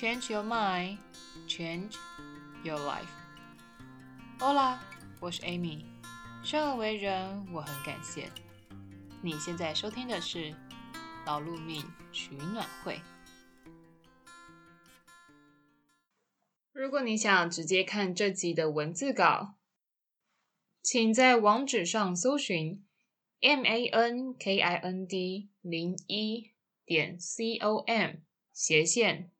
Change your mind, change your life. Hola，我是 Amy。生而為人，我很感謝。你現在收聽的是《勞碌命取暖會》。如果你想直接看這集的文字稿，請在網址上搜尋 mankind 零一點 com 斜線。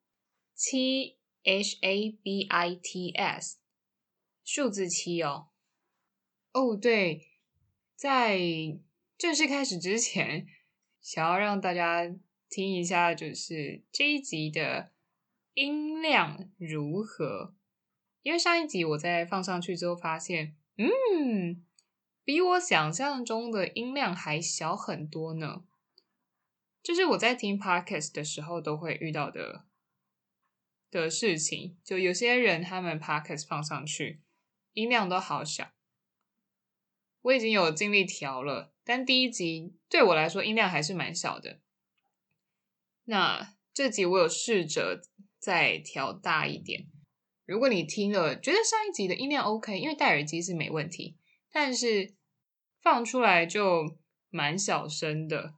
七 h a b i t s，數字七哦，哦對，在正式開始之前，想要讓大家聽一下，就是這一集的音量如何？因為上一集我在放上去之後發現，嗯，比我想象中的音量還小很多呢，就是我在聽 Podcast 的時候都會遇到的的事情，就有些人他們 Podcast 放上去音量都好小，我已經有盡力調了，但第一集對我來說音量還是蠻小的。那這集我有試着再調大一點。如果你聽了覺得上一集的音量 OK，因為戴耳機是沒問題，但是放出來就蠻小聲的。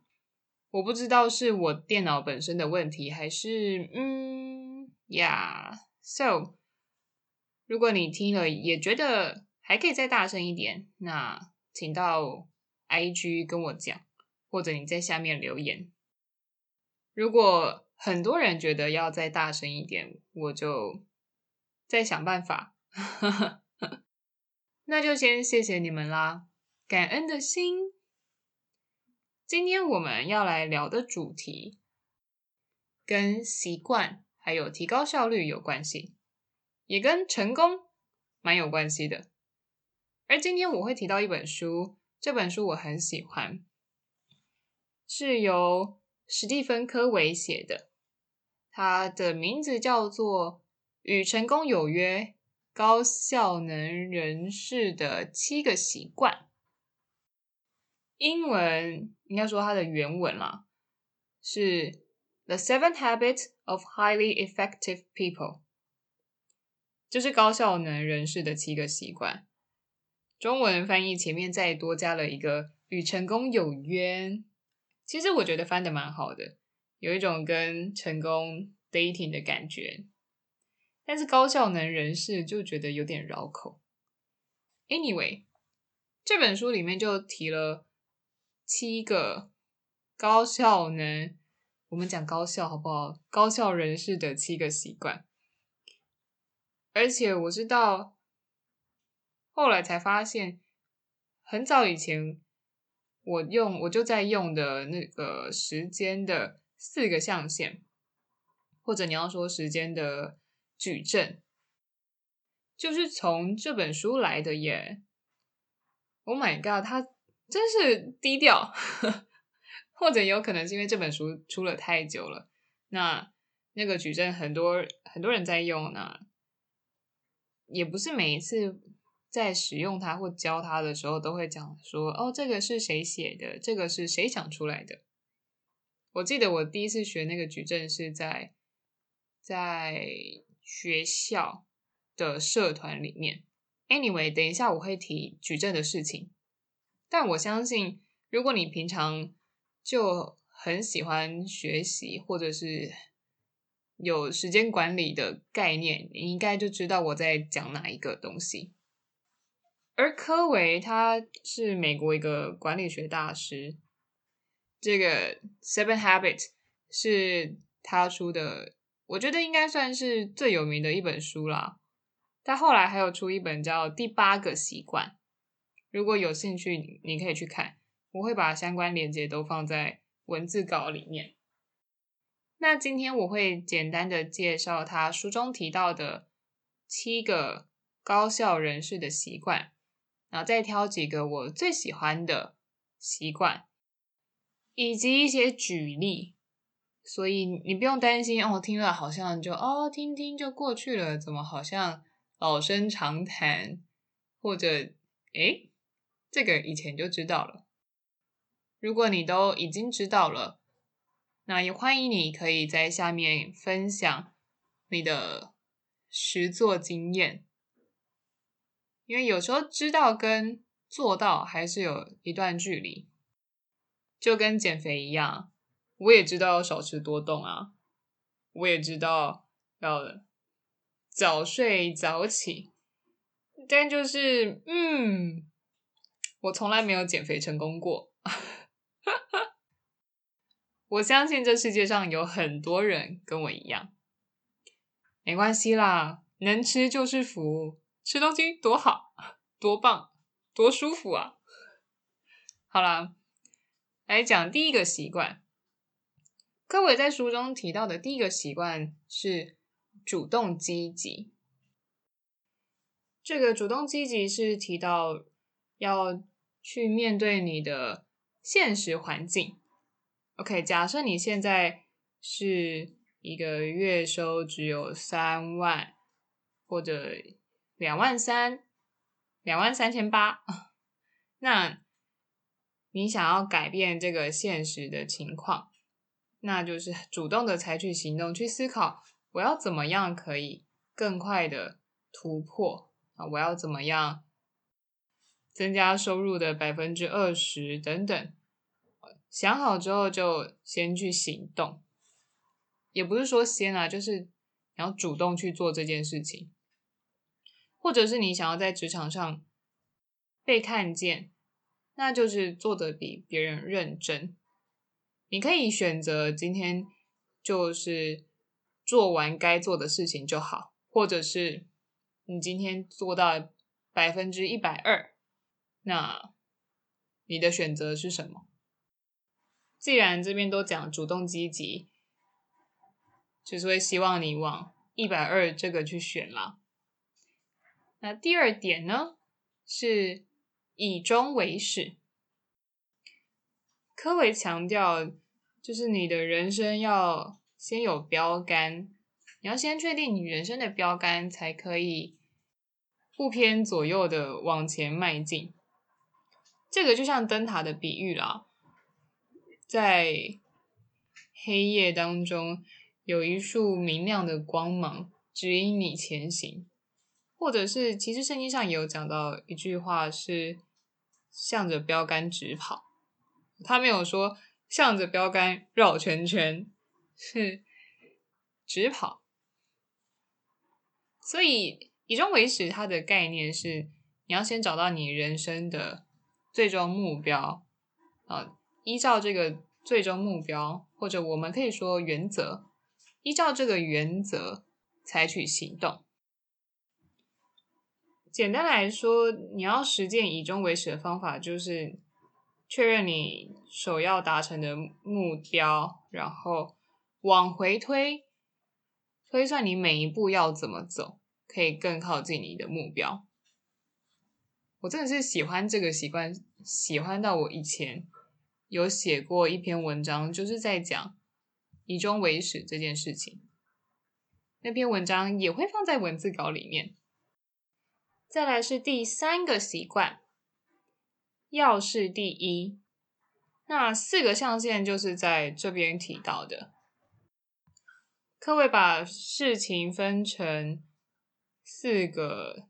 我不知道是我電腦本身的問題，還是嗯。呀、yeah，so，如果你聽了也覺得還可以再大聲一點，那請到 IG 跟我講，或者你在下面留言。如果很多人覺得要再大聲一點，我就再想辦法。 那就先謝謝你們啦，感恩的心。今天我們要來聊的主題跟習慣還有提高效率有關係，也跟成功蠻有關係的。而今天我會提到一本書，這本書我很喜歡，是由史蒂芬·柯維寫的，他的名字叫做《與成功有約：高效能人士的七個習慣》。英文應該說他的原文啦，是。The Seven Habits of Highly Effective People，就是高效能人士的七個習慣。中文翻譯前面再多加了一個“與成功有約”，其實我覺得翻得蠻好的，有一種跟成功 dating 的感覺。但是高效能人士就覺得有點繞口。Anyway，這本書裡面就提了七個高效能。我們講高效，好不好？高效人士的七個習慣。而且我知道，後來才發現，很早以前我用，我就在用的那個時間的四個象限，或者你要說時間的矩陣，就是從這本書來的耶。Oh my God，他真是低調。 或者有可能是因為這本書出了太久了，那那個矩陣很多很多人在用呢，也不是每一次在使用它或教它的時候都會講說哦，這個是誰寫的，這個是誰想出來的。我記得我第一次學那個矩陣是在在學校的社團裡面。Anyway，等一下我會提矩陣的事情，但我相信如果你平常。就很喜歡學習，或者是有時間管理的概念，你應該就知道我在講哪一個東西。而柯維他是美國一個管理學大師，這個《Seven Habits》是他出的，我覺得應該算是最有名的一本書啦。他後來還有出一本叫《第八個習慣》，如果有興趣，你可以去看。我會把相關鏈接都放在文字稿裡面。那今天我會簡單的介紹他書中提到的七個高效人士的習慣，然後再挑幾個我最喜歡的習慣，以及一些舉例。所以你不用擔心哦，聽了好像就哦聽聽就過去了，怎麼好像老生常談，或者誒，這個以前就知道了。如果你都已經知道了，那也歡迎你可以在下面分享你的實作經驗，因為有時候知道跟做到還是有一段距離，就跟減肥一樣，我也知道要少吃多動啊，我也知道要早睡早起，但就是嗯，我從來沒有減肥成功過。我相信這世界上有很多人跟我一樣，沒關係啦，能吃就是福，吃東西多好，多棒，多舒服啊！好啦，來講第一個習慣。柯維在書中提到的第一個習慣是主動積極。這個主動積極是提到要去面對你的現實環境。OK，假設你現在是一個月收只有三萬或者兩萬三，兩萬三千八，那你想要改變這個現實的情況，那就是主動的採取行動去思考，我要怎麼樣可以更快的突破啊？我要怎麼樣增加收入的百分之二十等等。想好之後就先去行動，也不是說先啊，就是你要主動去做這件事情，或者是你想要在職場上被看見，那就是做得比別人認真。你可以選擇今天就是做完該做的事情就好，或者是你今天做到百分之一百二，那你的選擇是什麼？既然這邊都講主動積極，就是會希望你往一百二這個去選啦。那第二點呢，是以終為始。柯維強調，就是你的人生要先有標杆，你要先確定你人生的標杆，才可以不偏左右的往前邁進。這個就像燈塔的比喻啦。在黑夜當中，有一束明亮的光芒指引你前行，或者是，其實聖經上有講到一句話是，向着標杆直跑，他沒有說向着標杆繞圈圈，是直跑。所以以終為始，它的概念是，你要先找到你人生的最終目標，啊。依照這個最終目標，或者我們可以說原則，依照這個原則採取行動。簡單來說，你要實踐以終為始的方法，就是確認你首要達成的目標，然後往回推，推算你每一步要怎麼走，可以更靠近你的目標。我真的是喜歡這個習慣，喜歡到我以前。有寫過一篇文章，就是在講以終為始這件事情。那篇文章也會放在文字稿裡面。再來是第三個習慣，要事第一。那四個象限就是在這邊提到的。各位把事情分成四個，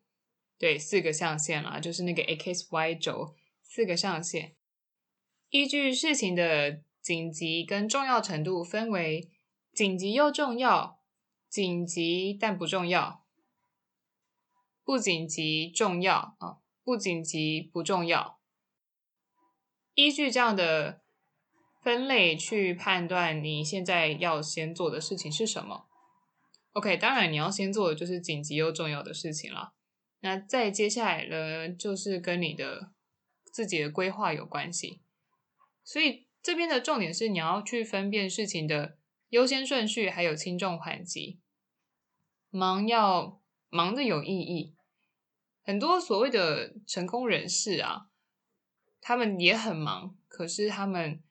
對，四個象限啦，就是那個 x y 軸，四個象限。依據事情的緊急跟重要程度，分為緊急又重要、緊急但不重要、不緊急重要啊、不緊急不重要。依據這樣的分類去判斷你現在要先做的事情是什麼。OK，當然你要先做的就是緊急又重要的事情了。那再接下來呢，就是跟你的自己的規劃有關係。所以這邊的重點是，你要去分辨事情的優先順序，還有輕重緩急。忙要忙得有意義。很多所謂的成功人士啊，他們也很忙，可是他們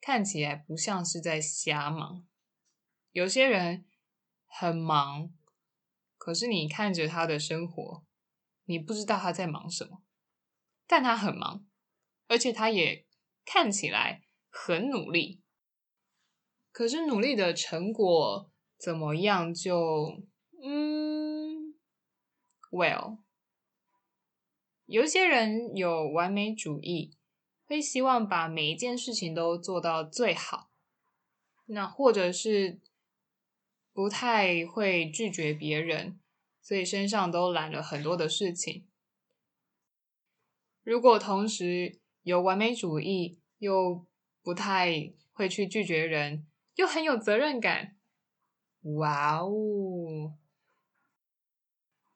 看起來不像是在瞎忙。有些人很忙，可是你看着他的生活，你不知道他在忙什麼，但他很忙，而且他也。看起來很努力，可是努力的成果怎麼樣就？就嗯，Well，有些人有完美主義，會希望把每一件事情都做到最好。那或者是不太會拒絕別人，所以身上都攬了很多的事情。如果同時，有完美主義，又不太會去拒絕人，又很有責任感，哇哦！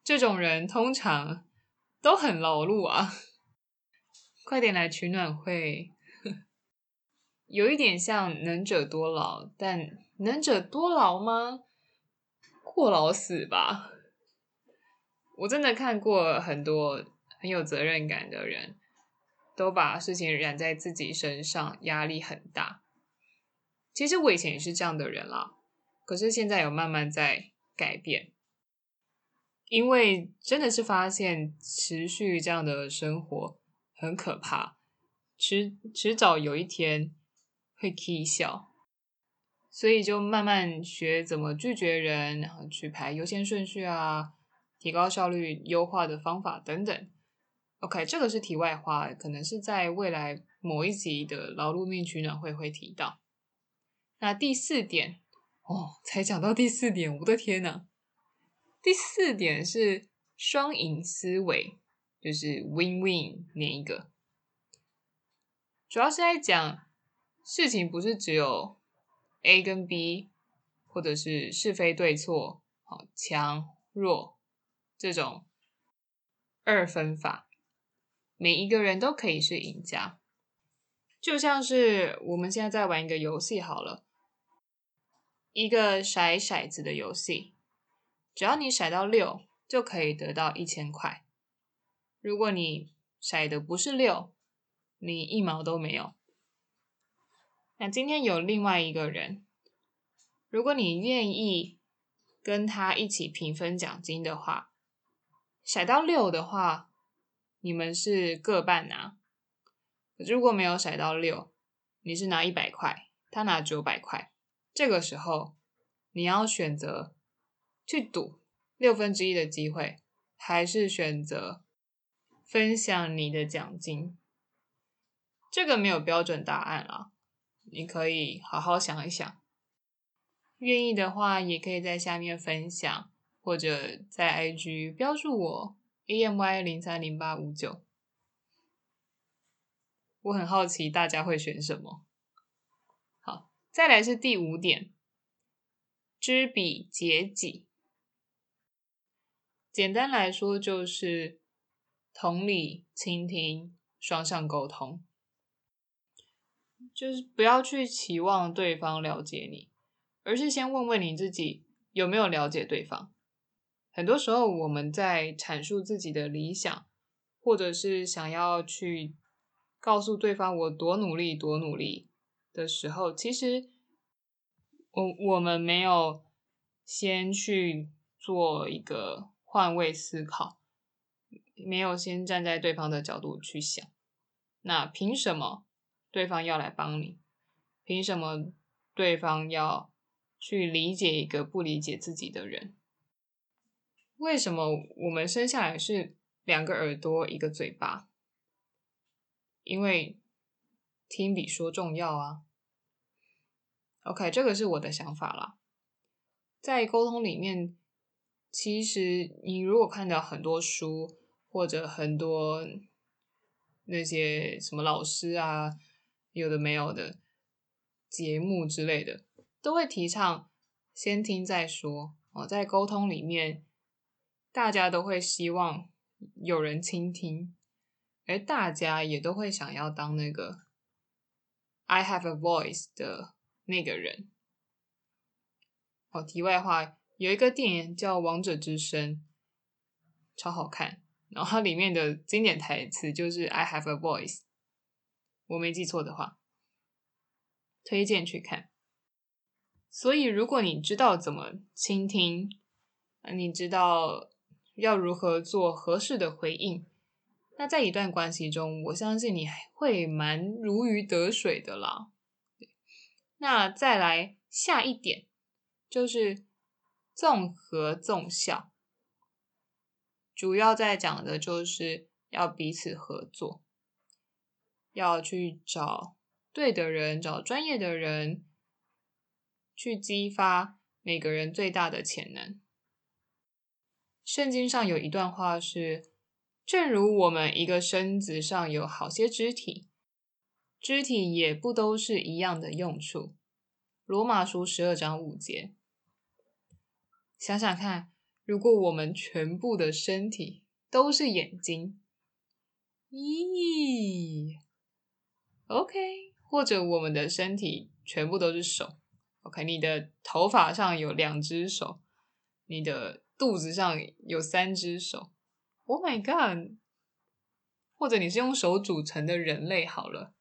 這種人通常都很勞碌啊， 快點來取暖會， 有一點像能者多勞，但能者多勞嗎？過勞死吧！我真的看過很多很有責任感的人。都把事情染在自己身上，壓力很大。其實我以前也是這樣的人啦，可是現在有慢慢在改變，因為真的是發現持續這樣的生活很可怕，遲遲早有一天會起笑。所以就慢慢學怎麼拒絕人，然後去排優先順序啊，提高效率、優化的方法等等。OK，這個是題外話，可能是在未來某一集的勞碌命取暖會會提到。那第四點，哦，才講到第四點，我的天吶！第四點是雙贏思維，就是 win-win 連 win 一個，主要是在講事情不是只有 A 跟 B，或者是是非對錯、強弱這種二分法。每一個人都可以是贏家，就像是我們現在在玩一個遊戲好了，一個甩骰，骰子的遊戲，只要你甩到六，就可以得到一千塊。如果你甩的不是六，你一毛都沒有。那今天有另外一個人，如果你願意跟他一起平分獎金的話，甩到六的話。你們是各半拿啊，如果沒有骰到六，你是拿一百塊，他拿九百塊。這個時候，你要選擇去賭六分之一的機會，還是選擇分享你的獎金？這個沒有標準答案啊，你可以好好想一想。願意的話，也可以在下面分享，或者在 IG 標注我。Amy 零三零八五九，59，我很好奇大家會選什麼。好，再來是第五點，知彼解己。簡單來說就是同理、傾聽、雙向溝通，就是不要去期望對方了解你，而是先問問你自己有沒有了解對方。很多時候，我們在闡述自己的理想，或者是想要去告訴對方我多努力、多努力的時候，其實我我們沒有先去做一個換位思考，沒有先站在對方的角度去想。那憑什麼對方要來幫你？憑什麼對方要去理解一個不理解自己的人？為什麼我們生下來是兩個耳朵一個嘴巴？因為聽比說重要啊。OK，這個是我的想法啦。在溝通裡面，其實你如果看到很多書或者很多那些什麼老師啊，有的沒有的節目之類的，都會提倡先聽再說哦。在溝通裡面。大家都會希望有人傾聽，而大家也都會想要當那個 “I have a voice” 的那個人。哦，題外話，有一個電影叫《王者之聲》，超好看，然後它裡面的經典台詞就是 “I have a voice”，我沒記錯的話，推薦去看。所以，如果你知道怎麼傾聽，你知道。要如何做合適的回應？那在一段關係中，我相信你還會蠻如魚得水的啦。那再來下一點，就是統合綜效，主要在講的就是要彼此合作，要去找對的人，找專業的人，去激發每個人最大的潛能。聖經上有一段話是：“正如我們一個身子上有好些肢體，肢體也不都是一樣的用處。”羅馬書十二章五節。想想看，如果我們全部的身體都是眼睛，咦 ？OK，或者我們的身體全部都是手，OK？你的頭髮上有兩隻手，你的。肚子上有三隻手，Oh my God！或者你是用手組成的人類好了，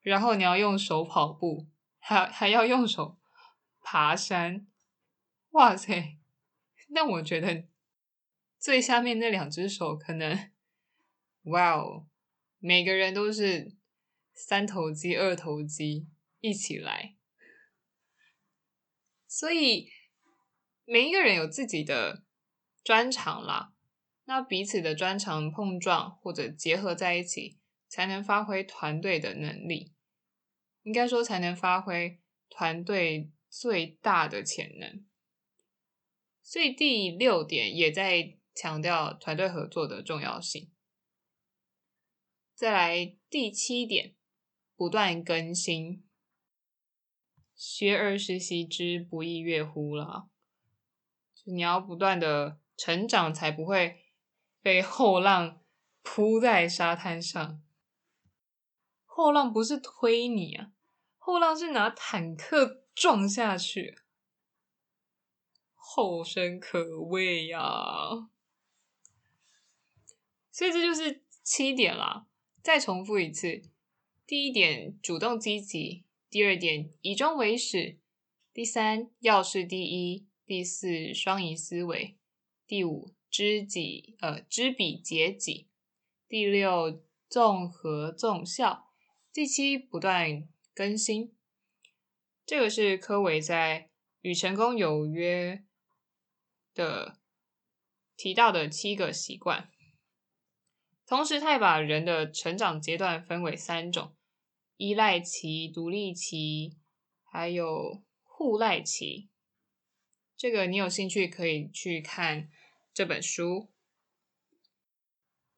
然後你要用手跑步，還還要用手爬山，哇塞！那我覺得最下面那兩隻手可能，哇哦！每個人都是三頭肌、二頭肌一起來，所以。每一個人有自己的專長啦，那彼此的專長碰撞或者結合在一起，才能發揮團隊的能力。應該說，才能發揮團隊最大的潛能。所以第六點也在強調團隊合作的重要性。再來第七點，不斷更新，學而時習之，不亦說乎啦。你要不斷的成長，才不會被後浪撲在沙灘上。後浪不是推你啊，後浪是拿坦克撞下去。後生可畏呀、啊！所以這就是七點啦。再重複一次：第一點，主動積極；第二點，以終為始；第三，要事第一。第四，雙贏思維；第五，知己呃知彼解己；第六，統合綜效。第七，不斷更新。這個是柯維在《與成功有約》的提到的七個習慣。同時，他也把人的成長階段分為三種：依賴期、獨立期，還有互賴期。這個你有興趣可以去看這本書。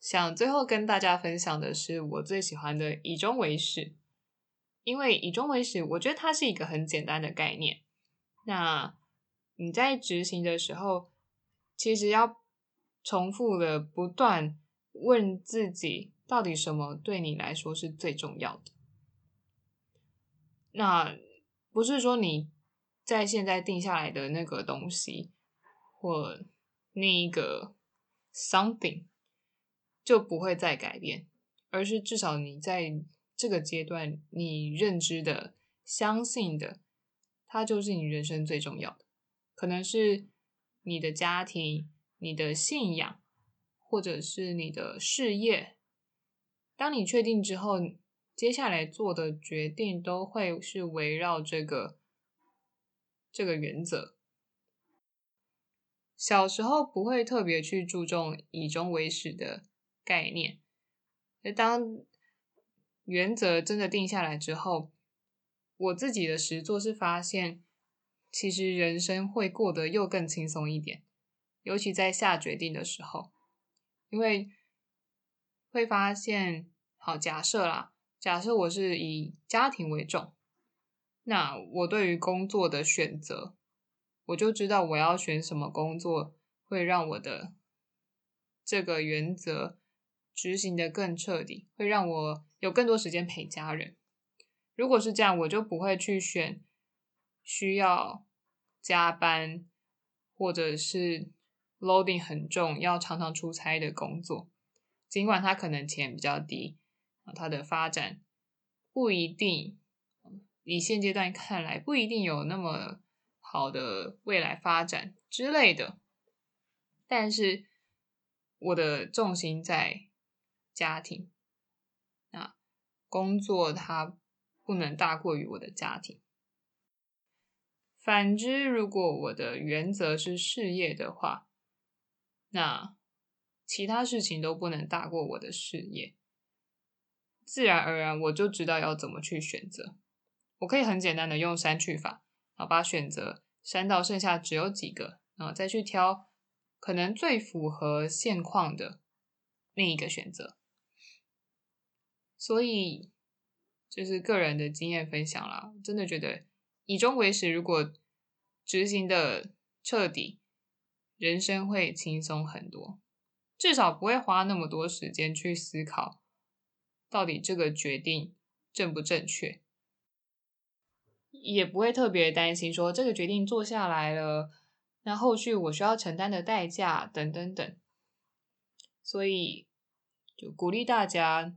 想最後跟大家分享的是我最喜歡的以終為始，因為以終為始，我覺得它是一個很簡單的概念。那你在執行的時候，其實要重複的不斷問自己，到底什麼對你來說是最重要的？那不是說你。在現在定下來的那個東西或那一個 something，就不會再改變，而是至少你在這個階段，你認知的、相信的，它就是你人生最重要的。可能是你的家庭、你的信仰，或者是你的事業。當你確定之後，接下來做的決定都會是圍繞這個。這個原則，小時候不會特別去注重以終為始的概念。而當原則真的定下來之後，我自己的實作是發現，其實人生會過得又更輕鬆一點，尤其在下決定的時候，因為會發現，好，假設啦，假設我是以家庭為重。那我對於工作的選擇，我就知道我要選什麼工作會讓我的這個原則執行的更徹底，會讓我有更多時間陪家人。如果是這樣，我就不會去選需要加班或者是 loading 很重，要常常出差的工作，儘管他可能錢比較低，他的發展不一定。以現階段看來，不一定有那麼好的未來發展之類的。但是我的重心在家庭，那工作它不能大過於我的家庭。反之，如果我的原則是事業的話，那其他事情都不能大過我的事業。自然而然，我就知道要怎麼去選擇。我可以很簡單的用刪去法，啊，把選擇刪到剩下只有幾個，然後再去挑可能最符合現況的另一個選擇。所以就是個人的經驗分享啦，真的覺得以終為始，如果執行的徹底，人生會輕鬆很多，至少不會花那麼多時間去思考到底這個決定正不正確。也不會特別擔心說這個決定做下來了，那後續我需要承擔的代價等等等，所以就鼓勵大家，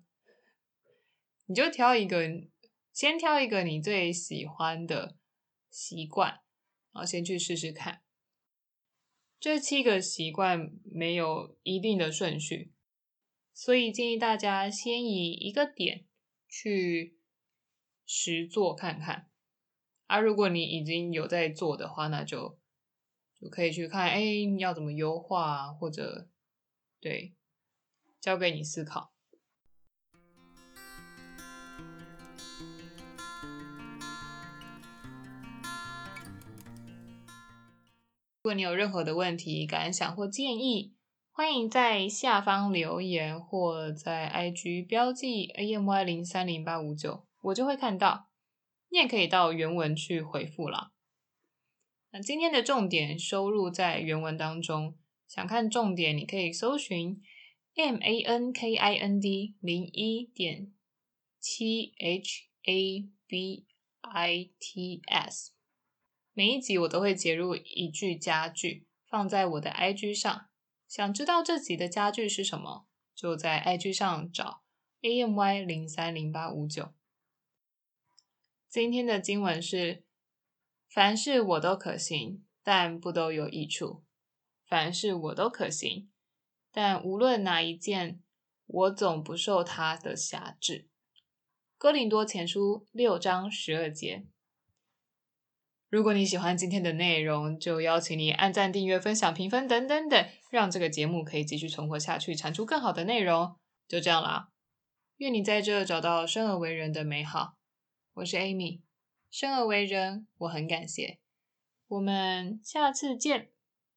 你就挑一個，先挑一個你最喜歡的習慣，然後先去試試看。這七個習慣沒有一定的順序，所以建議大家先以一個點去實做看看。啊，如果你已經有在做的話，那就就可以去看，哎、欸，你要怎麼優化、啊，或者對交給你思考。如果你有任何的問題、感想或建議，歡迎在下方留言或在 IG 標記 A M Y 零三零八五九，我就會看到。你也可以到原文去回覆了。那今天的重點收錄在原文當中，想看重點，你可以搜尋 m a n k i n d 零一點七 h a b i t s。每一集我都會結入一句佳句放在我的 I G 上，想知道這集的佳句是什麼，就在 I G 上找 a m y 零三零八五九。今天的經文是：凡事我都可行，但不都有益處；凡事我都可行，但無論哪一件，我總不受他的轄制。哥林多前書六章十二節。如果你喜歡今天的內容，就邀請你按讚、訂閱、分享、評分等等等，讓這個節目可以繼續存活下去，產出更好的內容。就這樣啦，願你在這找到生而為人的美好。我是 Amy，生而為人，我很感謝。我們下次見。